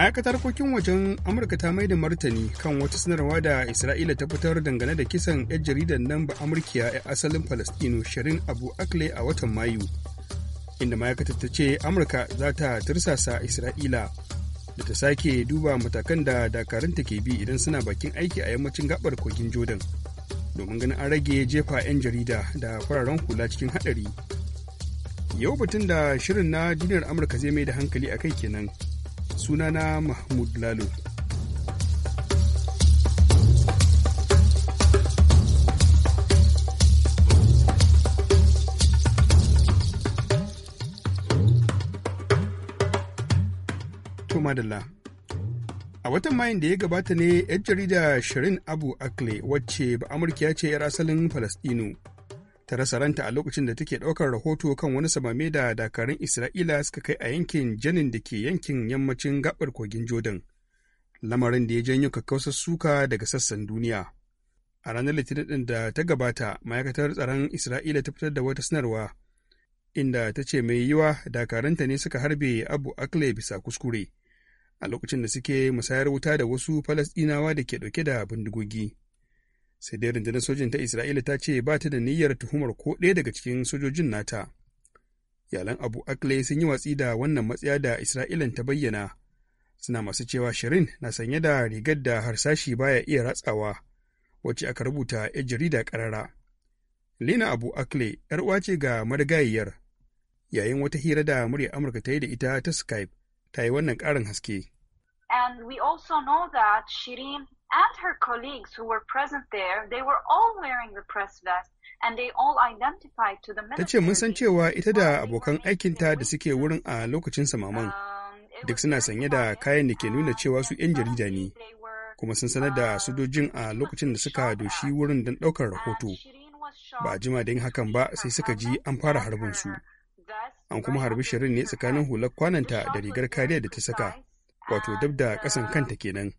ma'aikatar kokin wajen amurka ta mai da martani kan wata sanarwa da isra'ila ta fitar dangane da kisan 'yan jaridan nan ba amurkiya 'yan asalin palestino shirin abu akle a watan mayu inda ma'aikatar ta ce amurka za ta tirsasa isra'ila da ta sake duba matakan da dakarunta ke bi idan suna bakin aiki a yammacin gabar kogin jordan domin ganin an rage jefa 'yan jarida da fararen hula cikin haɗari yau batun da shirin na duniyar amurka zai mai da hankali a kai kenan sunana mahmud lalo madalla a watan mayan da ya gabata ne 'yan jarida shirin abu akle wacce ba amurka ya ce 'yar asalin Falasɗinu? ta rasa ranta a lokacin da take ɗaukar rahoto kan wani samame da dakarun Isra'ila suka kai a yankin Janin da ke yankin yammacin gabar kogin Jordan. Lamarin da ya janyo kakkausar suka daga sassan duniya. A ranar Litinin da ta gabata, ma'aikatar tsaron Isra'ila ta fitar da wata sanarwa inda ta ce mai yiwa dakaranta ne suka harbe Abu Akle bisa kuskure a lokacin da suke musayar wuta da wasu Falasɗinawa da ke ɗauke da bindigogi. sai dai rundunar sojin ta isra'ila ta ce ba ta da niyyar tuhumar ko ɗaya daga cikin sojojin nata iyalan abu akle sun yi watsi da wannan matsaya da isra'ilan ta bayyana suna masu cewa shirin na sanye da rigar da harsashi baya iya ratsawa wacce aka rubuta ya jarida karara lina abu akle yar uwa ce ga marigayiyar yayin wata hira da murya amurka ta yi da ita ta skype ta yi wannan ƙarin haske and we also know that shirin and her colleagues who were present there, they were all wearing the press vest and they all identified to the military. Ta mun san cewa ita da abokan aikinta da suke wurin a lokacin samaman um, duk suna sanye da kayan da ke nuna cewa su 'yan jarida ne kuma sun sanar da um, sojojin a lokacin da suka doshi wurin don ɗaukar rahoto. Ba jima da yin hakan ba sai suka ji an fara harbin su. An kuma harbi shirin ne tsakanin hular kwananta da rigar kariya da ta saka, wato dab da ƙasan kanta kenan.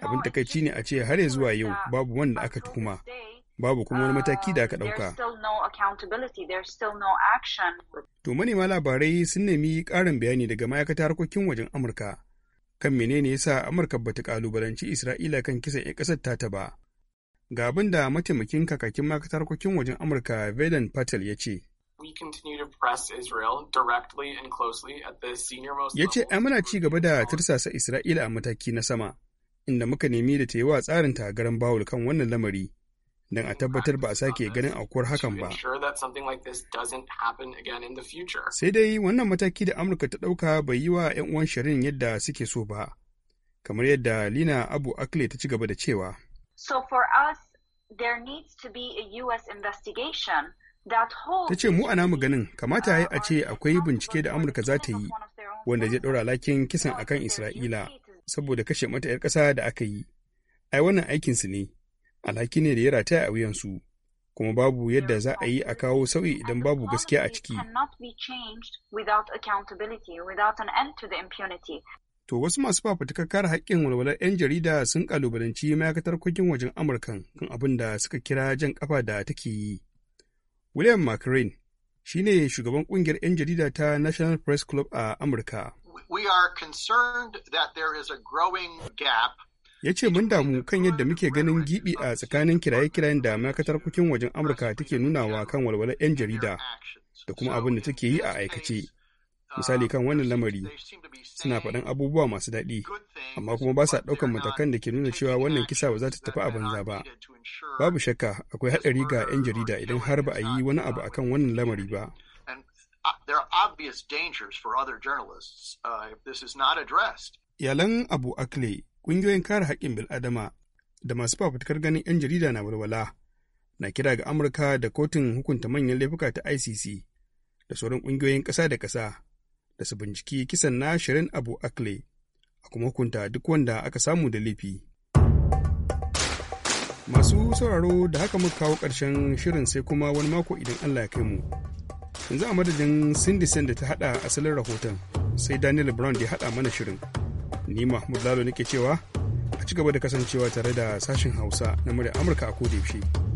abin takaici ne a ce har zuwa yau babu wanda aka tuhuma babu kuma wani mataki da aka uh, ɗauka. To manema labarai sun nemi ƙarin bayani daga ma'aikatar harkokin wajen Amurka kan menene yasa Amurka bata kalubalanci Isra'ila kan kisan 'yan ƙasar tata ba. Ga abin da mataimakin kakakin ma'aikatar harkokin wajen Amurka Vedan Patel ya ce. Ya ce, muna ci gaba da tirsasa Isra'ila a mataki na sama. inda muka nemi da ta yi wa tsarin tagaran bawul kan wannan lamari don a tabbatar ba a sake ganin aukuwar hakan ba. Sai dai wannan mataki da Amurka ta ɗauka bai yi wa 'yan uwan shirin yadda suke so ba, kamar yadda Lina Abu Akle ta ci gaba da cewa. So for us, there needs to be a U.S. investigation Ta ce mu a namu ganin kamata ya a ce akwai bincike da Amurka za ta yi wanda zai ɗora lakin kisan akan Isra'ila saboda kashe mata 'yar ƙasa da aka yi. Ai wannan aikinsu ne, alhaki ne da ya rataya a wuyansu, kuma babu yadda za a yi a kawo sauyi idan babu gaskiya a ciki. To wasu masu fafutukar kare haƙƙin walwalar 'yan jarida sun ƙalubalanci ma'aikatar kogin wajen Amurkan kan abin da suka kira jan ƙafa da take yi. William McRae shi ne shugaban ƙungiyar 'yan jarida ta National Press Club a Amurka. are concerned that there is a growing gap ya ce mun damu kan yadda muke ganin gibi a tsakanin kiraye-kirayen da ma'aikatar kukin wajen amurka take nunawa kan walwalar 'yan jarida da kuma abin da take yi a aikace misali kan wannan lamari suna faɗan abubuwa masu daɗi amma kuma ba sa ɗaukan matakan da ke nuna cewa wannan kisa ba za ta tafi a banza ba babu shakka akwai haɗari ga 'yan jarida idan har ba a yi wani abu akan wannan lamari ba there are obvious dangers for other journalists uh, if this is not addressed. Iyalan Abu Akle, ƙungiyoyin kare haƙƙin bil'adama da masu fafutukar ganin 'yan jarida na walwala na kira ga Amurka da kotun hukunta manyan laifuka ta ICC da sauran ƙungiyoyin ƙasa da ƙasa da su binciki kisan na Shirin Abu Akle a kuma hukunta duk wanda aka samu da laifi. Masu sauraro da haka muka kawo ƙarshen shirin sai kuma wani mako idan Allah ya kai mu. yanzu a madadin cindy da ta hada asalin rahoton sai daniel brown da ya hada mana shirin ni mahmud lalo nake cewa a ci gaba da kasancewa tare da sashen hausa na murya amurka a kodayaushe. yaushe